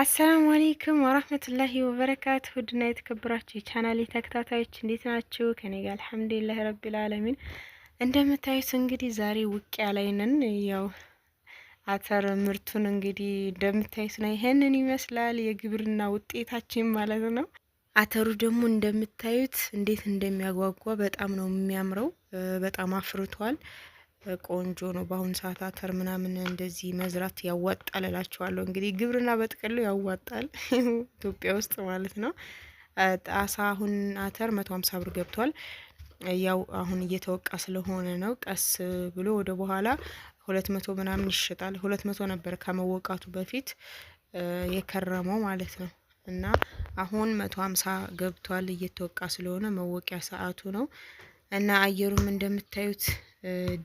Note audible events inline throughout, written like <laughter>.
አሰላሙ አሌይኩም ወራህመቱላሂ ወበረካቱ ውድና የተከበራችሁ የቻናሌ ተከታታዮች እንዴት ናችሁ? ከኔ ጋር አልሐምዱሊላህ ረቢል አለሚን። እንደምታዩት እንግዲህ ዛሬ ውቅያ ላይ ነን። ያው አተር ምርቱን እንግዲህ እንደምታዩት ነው። ይሄንን ይመስላል የግብርና ውጤታችን ማለት ነው። አተሩ ደግሞ እንደምታዩት እንዴት እንደሚያጓጓ በጣም ነው የሚያምረው። በጣም አፍርቷል። ቆንጆ ነው። በአሁኑ ሰዓት አተር ምናምን እንደዚህ መዝራት ያዋጣል እላችኋለሁ። እንግዲህ ግብርና በጥቅሉ ያዋጣል <laughs> ኢትዮጵያ ውስጥ ማለት ነው። ጣሳ አሁን አተር መቶ ሀምሳ ብር ገብቷል። ያው አሁን እየተወቃ ስለሆነ ነው። ቀስ ብሎ ወደ በኋላ ሁለት መቶ ምናምን ይሸጣል። ሁለት መቶ ነበር ከመወቃቱ በፊት የከረመው ማለት ነው። እና አሁን መቶ ሀምሳ ገብቷል። እየተወቃ ስለሆነ መወቂያ ሰዓቱ ነው። እና አየሩም እንደምታዩት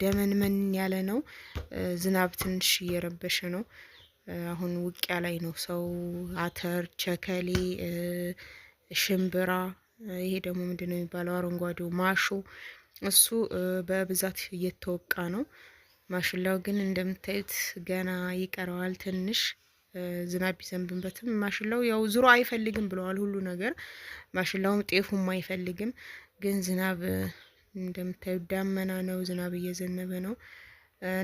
ደመንመን ያለ ነው። ዝናብ ትንሽ እየረበሸ ነው። አሁን ውቂያ ላይ ነው ሰው አተር፣ ቸከሌ፣ ሽምብራ ይሄ ደግሞ ምንድን ነው የሚባለው አረንጓዴው ማሾ እሱ በብዛት እየተወቃ ነው። ማሽላው ግን እንደምታዩት ገና ይቀረዋል ትንሽ ዝናብ ቢዘንብንበትም ማሽላው ያው ዝሮ አይፈልግም ብለዋል ሁሉ ነገር። ማሽላውም ጤፉም አይፈልግም ግን ዝናብ እንደምታዩት ዳመና ነው፣ ዝናብ እየዘነበ ነው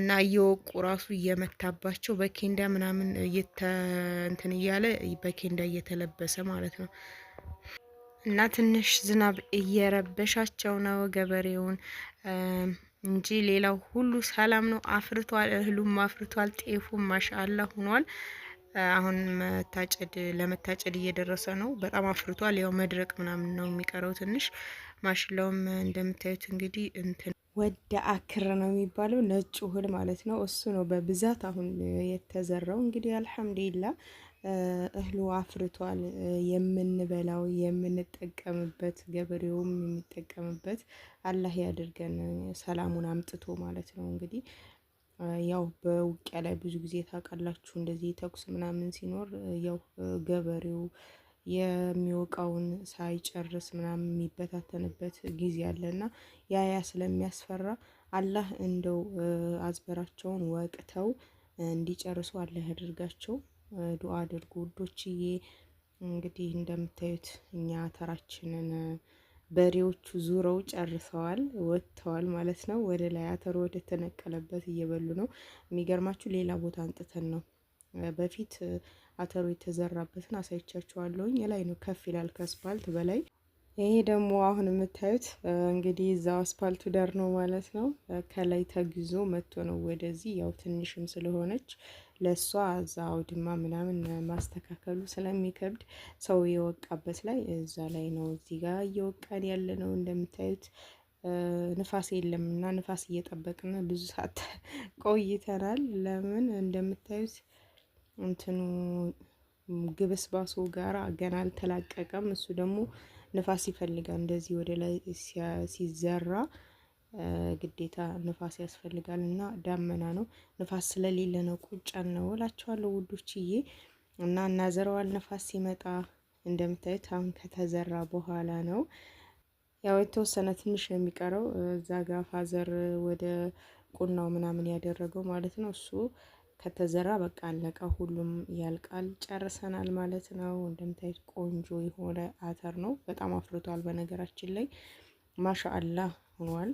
እና እየወቁ ራሱ እየመታባቸው በኬንዳ ምናምን እንትን እያለ በኬንዳ እየተለበሰ ማለት ነው። እና ትንሽ ዝናብ እየረበሻቸው ነው ገበሬውን እንጂ ሌላው ሁሉ ሰላም ነው። አፍርቷል፣ እህሉም አፍርቷል፣ ጤፉም ማሻአላ ሆኗል። አሁን መታጨድ ለመታጨድ እየደረሰ ነው። በጣም አፍርቷል። ያው መድረቅ ምናምን ነው የሚቀረው ትንሽ ማሽላውም እንደምታዩት እንግዲህ እንትን ወደ አክር ነው የሚባለው ነጭ ውህል ማለት ነው። እሱ ነው በብዛት አሁን የተዘራው። እንግዲህ አልሐምዱሊላ እህሉ አፍርቷል። የምንበላው የምንጠቀምበት፣ ገበሬውም የሚጠቀምበት አላህ ያድርገን ሰላሙን አምጥቶ ማለት ነው እንግዲህ ያው በውቅያ ላይ ብዙ ጊዜ ታውቃላችሁ እንደዚህ ተኩስ ምናምን ሲኖር ያው ገበሬው የሚወቃውን ሳይጨርስ ምናምን የሚበታተንበት ጊዜ አለና ያ ያ ስለሚያስፈራ አላህ እንደው አዝበራቸውን ወቅተው እንዲጨርሱ አላህ ያደርጋቸው። ዱአ አድርጉ ውዶችዬ። እንግዲህ እንደምታዩት እኛ አተራችንን በሬዎቹ ዙረው ጨርሰዋል፣ ወጥተዋል ማለት ነው። ወደ ላይ አተሩ ወደ ተነቀለበት እየበሉ ነው። የሚገርማችሁ ሌላ ቦታ አንጥተን ነው በፊት አተሩ የተዘራበትን አሳይቻችኋለሁኝ። የላይ ነው ከፍ ይላል ከአስፓልት በላይ። ይሄ ደግሞ አሁን የምታዩት እንግዲህ እዛው አስፓልቱ ዳር ነው ማለት ነው። ከላይ ተግዞ መጥቶ ነው ወደዚህ። ያው ትንሽም ስለሆነች ለእሷ እዛ አውድማ ምናምን ማስተካከሉ ስለሚከብድ ሰው የወቃበት ላይ እዛ ላይ ነው እዚህ ጋር እየወቃን ያለ ነው እንደምታዩት ንፋስ የለም እና ንፋስ እየጠበቅን ብዙ ሰዓት <laughs> ቆይተናል። ለምን እንደምታዩት እንትኑ ባሶ ጋር ገና አልተላቀቀም። እሱ ደግሞ ንፋስ ይፈልጋል። እንደዚህ ወደ ላይ ሲዘራ ግዴታ ንፋስ ያስፈልጋል እና ዳመና ነው። ንፋስ ስለሌለ ነው ቁጭ ነው እላቸዋለሁ ውዶችዬ። እና እናዘረዋል ንፋስ ሲመጣ እንደምታዩት አሁን ከተዘራ በኋላ ነው ያው የተወሰነ ትንሽ ነው የሚቀረው። እዛ ጋር ፋዘር ወደ ቁናው ምናምን ያደረገው ማለት ነው እሱ ከተዘራ በቃ አለቀ። ሁሉም ያልቃል። ጨርሰናል ማለት ነው። እንደምታዩት ቆንጆ የሆነ አተር ነው። በጣም አፍርቷል። በነገራችን ላይ ማሻአላህ ሆኗል።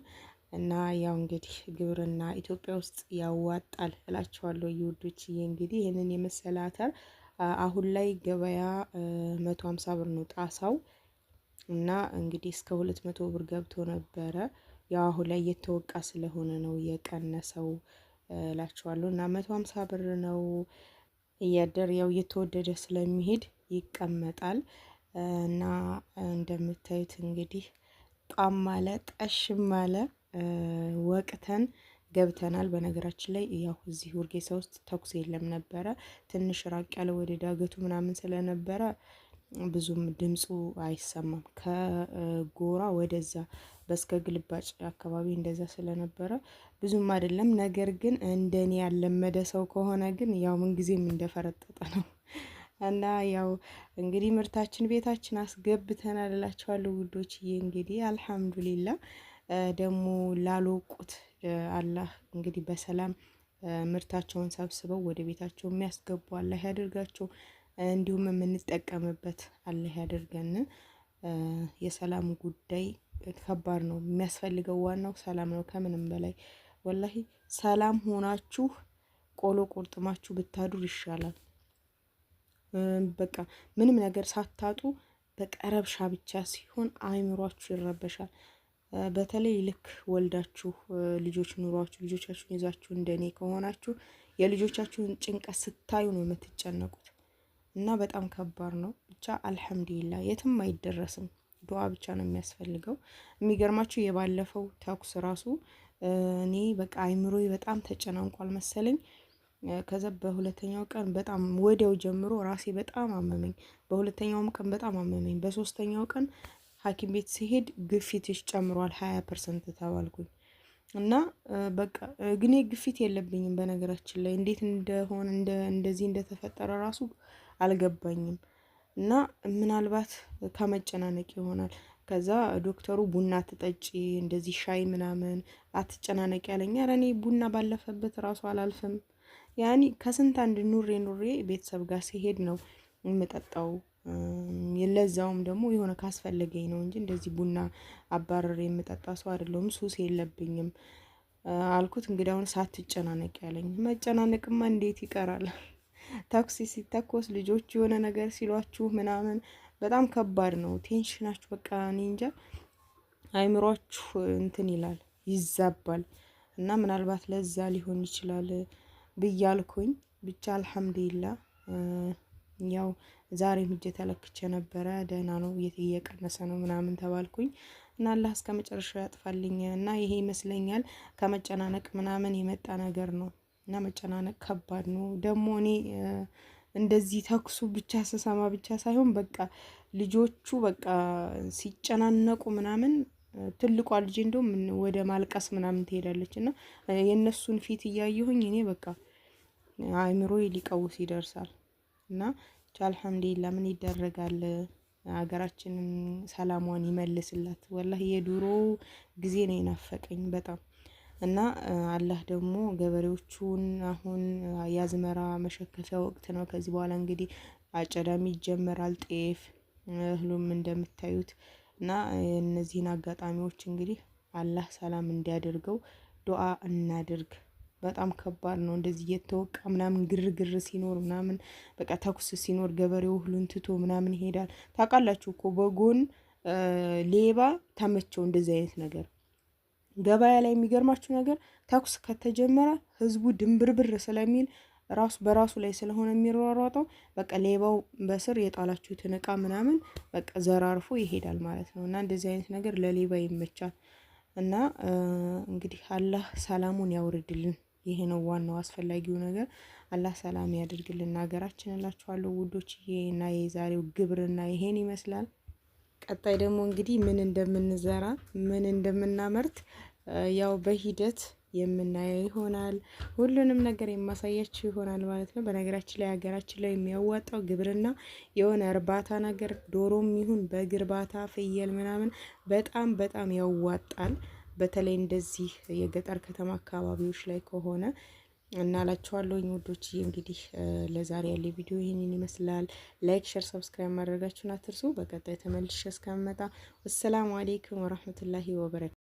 እና ያው እንግዲህ ግብርና ኢትዮጵያ ውስጥ ያዋጣል እላቸዋለሁ የውዶችዬ። እንግዲህ ይህንን የመሰለ አተር አሁን ላይ ገበያ መቶ ሀምሳ ብር ነው ጣሳው እና እንግዲህ እስከ ሁለት መቶ ብር ገብቶ ነበረ። ያው አሁን ላይ እየተወቃ ስለሆነ ነው የቀነሰው። እላችኋለሁ እና መቶ ሀምሳ ብር ነው እያደር ያው እየተወደደ ስለሚሄድ ይቀመጣል እና እንደምታዩት እንግዲህ ጣም አለ ጠሽም ማለ ወቅተን ገብተናል። በነገራችን ላይ ያው እዚህ ውርጌሳ ውስጥ ተኩስ የለም ነበረ። ትንሽ ራቅ ያለ ወደ ዳገቱ ምናምን ስለነበረ ብዙም ድምፁ አይሰማም። ከጎራ ወደዛ በስከ ግልባጭ አካባቢ እንደዛ ስለነበረ ብዙም አይደለም። ነገር ግን እንደኔ ያለመደ ሰው ከሆነ ግን ያው ምንጊዜም እንደፈረጠጠ ነው እና ያው እንግዲህ ምርታችን ቤታችን አስገብተናል እላቸዋለሁ ውዶችዬ። እንግዲህ አልሐምዱሊላ ደግሞ ላልወቁት አላህ እንግዲህ በሰላም ምርታቸውን ሰብስበው ወደ ቤታቸው የሚያስገቡ አላህ ያደርጋቸው። እንዲሁም የምንጠቀምበት አላህ ያደርገን። የሰላሙ ጉዳይ ከባድ ነው። የሚያስፈልገው ዋናው ሰላም ነው ከምንም በላይ ወላሂ። ሰላም ሆናችሁ ቆሎ ቆርጥማችሁ ብታዱር ይሻላል። በቃ ምንም ነገር ሳታጡ በቀረብሻ ብቻ ሲሆን አይምሯችሁ ይረበሻል። በተለይ ልክ ወልዳችሁ ልጆች ኑሯችሁ ልጆቻችሁን ይዛችሁ እንደኔ ከሆናችሁ የልጆቻችሁን ጭንቀት ስታዩ ነው የምትጨነቁ። እና በጣም ከባድ ነው። ብቻ አልሐምዱሊላ የትም አይደረስም። ዱዓ ብቻ ነው የሚያስፈልገው። የሚገርማችሁ የባለፈው ተኩስ ራሱ እኔ በቃ አይምሮ በጣም ተጨናንቋል መሰለኝ። ከዛ በሁለተኛው ቀን በጣም ወዲያው ጀምሮ ራሴ በጣም አመመኝ። በሁለተኛውም ቀን በጣም አመመኝ። በሶስተኛው ቀን ሐኪም ቤት ሲሄድ ግፊትሽ ጨምሯል ሀያ ፐርሰንት ተባልኩኝ እና በቃ ግን ግፊት የለብኝም። በነገራችን ላይ እንዴት እንደሆነ እንደዚህ እንደተፈጠረ ራሱ አልገባኝም። እና ምናልባት ከመጨናነቅ ይሆናል። ከዛ ዶክተሩ ቡና ትጠጪ እንደዚህ ሻይ ምናምን አትጨናነቅ ያለኝ። ኧረ እኔ ቡና ባለፈበት ራሱ አላልፍም። ያኔ ከስንት አንድ ኑሬ ኑሬ ቤተሰብ ጋር ሲሄድ ነው የምጠጣው። ለዛውም ደግሞ የሆነ ካስፈለገኝ ነው እንጂ እንደዚህ ቡና አባረር የምጠጣ ሰው አይደለሁም። ሱስ የለብኝም አልኩት። እንግዲህ አሁን ሳትጨናነቅ ያለኝ። መጨናነቅማ እንዴት ይቀራል? ታክሲ ሲተኮስ ልጆች የሆነ ነገር ሲሏችሁ ምናምን በጣም ከባድ ነው። ቴንሽናችሁ በቃ እኔ እንጃ አይምሯችሁ እንትን ይላል ይዛባል። እና ምናልባት ለዛ ሊሆን ይችላል ብያልኩኝ ብቻ አልሐምዱሊላ ያው ዛሬ ምጄ ተለክቼ ነበረ። ደህና ነው እየቀነሰ ነው ምናምን ተባልኩኝ እና አላህ እስከ መጨረሻው ያጥፋልኝ። እና ይሄ ይመስለኛል ከመጨናነቅ ምናምን የመጣ ነገር ነው። እና መጨናነቅ ከባድ ነው። ደግሞ እኔ እንደዚህ ተኩሱ ብቻ ስሰማ ብቻ ሳይሆን በቃ ልጆቹ በቃ ሲጨናነቁ ምናምን ትልቋ ልጅ እንደውም ወደ ማልቀስ ምናምን ትሄዳለች እና የእነሱን ፊት እያየሁኝ እኔ በቃ አእምሮዬ ሊቀውስ ይደርሳል እና ብቻ አልሐምዱሊላ ምን ይደረጋል። ሀገራችንን ሰላሟን ይመልስላት። ወላ የድሮ ጊዜ ነው የናፈቀኝ በጣም እና አላህ ደግሞ ገበሬዎቹን አሁን የአዝመራ መሸከፊያ ወቅት ነው። ከዚህ በኋላ እንግዲህ አጨዳም ይጀመራል ጤፍ እህሉም እንደምታዩት እና እነዚህን አጋጣሚዎች እንግዲህ አላህ ሰላም እንዲያደርገው ዱአ እናድርግ። በጣም ከባድ ነው እንደዚህ እየተወቃ ምናምን ግርግር ሲኖር ምናምን በቃ ተኩስ ሲኖር ገበሬው ሁሉን ትቶ ምናምን ይሄዳል። ታውቃላችሁ እኮ በጎን ሌባ ተመቸው እንደዚህ አይነት ነገር ገበያ ላይ የሚገርማችሁ ነገር ተኩስ ከተጀመረ ህዝቡ ድንብርብር ስለሚል ራሱ በራሱ ላይ ስለሆነ የሚሯሯጠው በቃ ሌባው በስር የጣላችሁትን እቃ ምናምን በቃ ዘራርፎ ይሄዳል ማለት ነው። እና እንደዚህ አይነት ነገር ለሌባ ይመቻል። እና እንግዲህ አላህ ሰላሙን ያውርድልን። ይሄ ነው ዋናው አስፈላጊው ነገር። አላህ ሰላም ያድርግልን ሀገራችን እላችኋለሁ ውዶችዬ። እና የዛሬው ግብርና ይሄን ይመስላል። ቀጣይ ደግሞ እንግዲህ ምን እንደምንዘራ ምን እንደምናመርት ያው በሂደት የምናየው ይሆናል። ሁሉንም ነገር የማሳያችሁ ይሆናል ማለት ነው። በነገራችን ላይ ሀገራችን ላይ የሚያዋጣው ግብርና የሆነ እርባታ ነገር ዶሮም ይሁን በግ እርባታ፣ ፍየል ምናምን በጣም በጣም ያዋጣል። በተለይ እንደዚህ የገጠር ከተማ አካባቢዎች ላይ ከሆነ እናላችኋለሁኝ ውዶች። እንግዲህ ለዛሬ ያለ ቪዲዮ ይህንን ይመስላል። ላይክ፣ ሸር፣ ሰብስክራይብ ማድረጋችሁን አትርሱ። በቀጣይ ተመልሼ እስከምመጣ ወሰላሙ አሌይኩም ወረህመቱላሂ ወበረካቱ።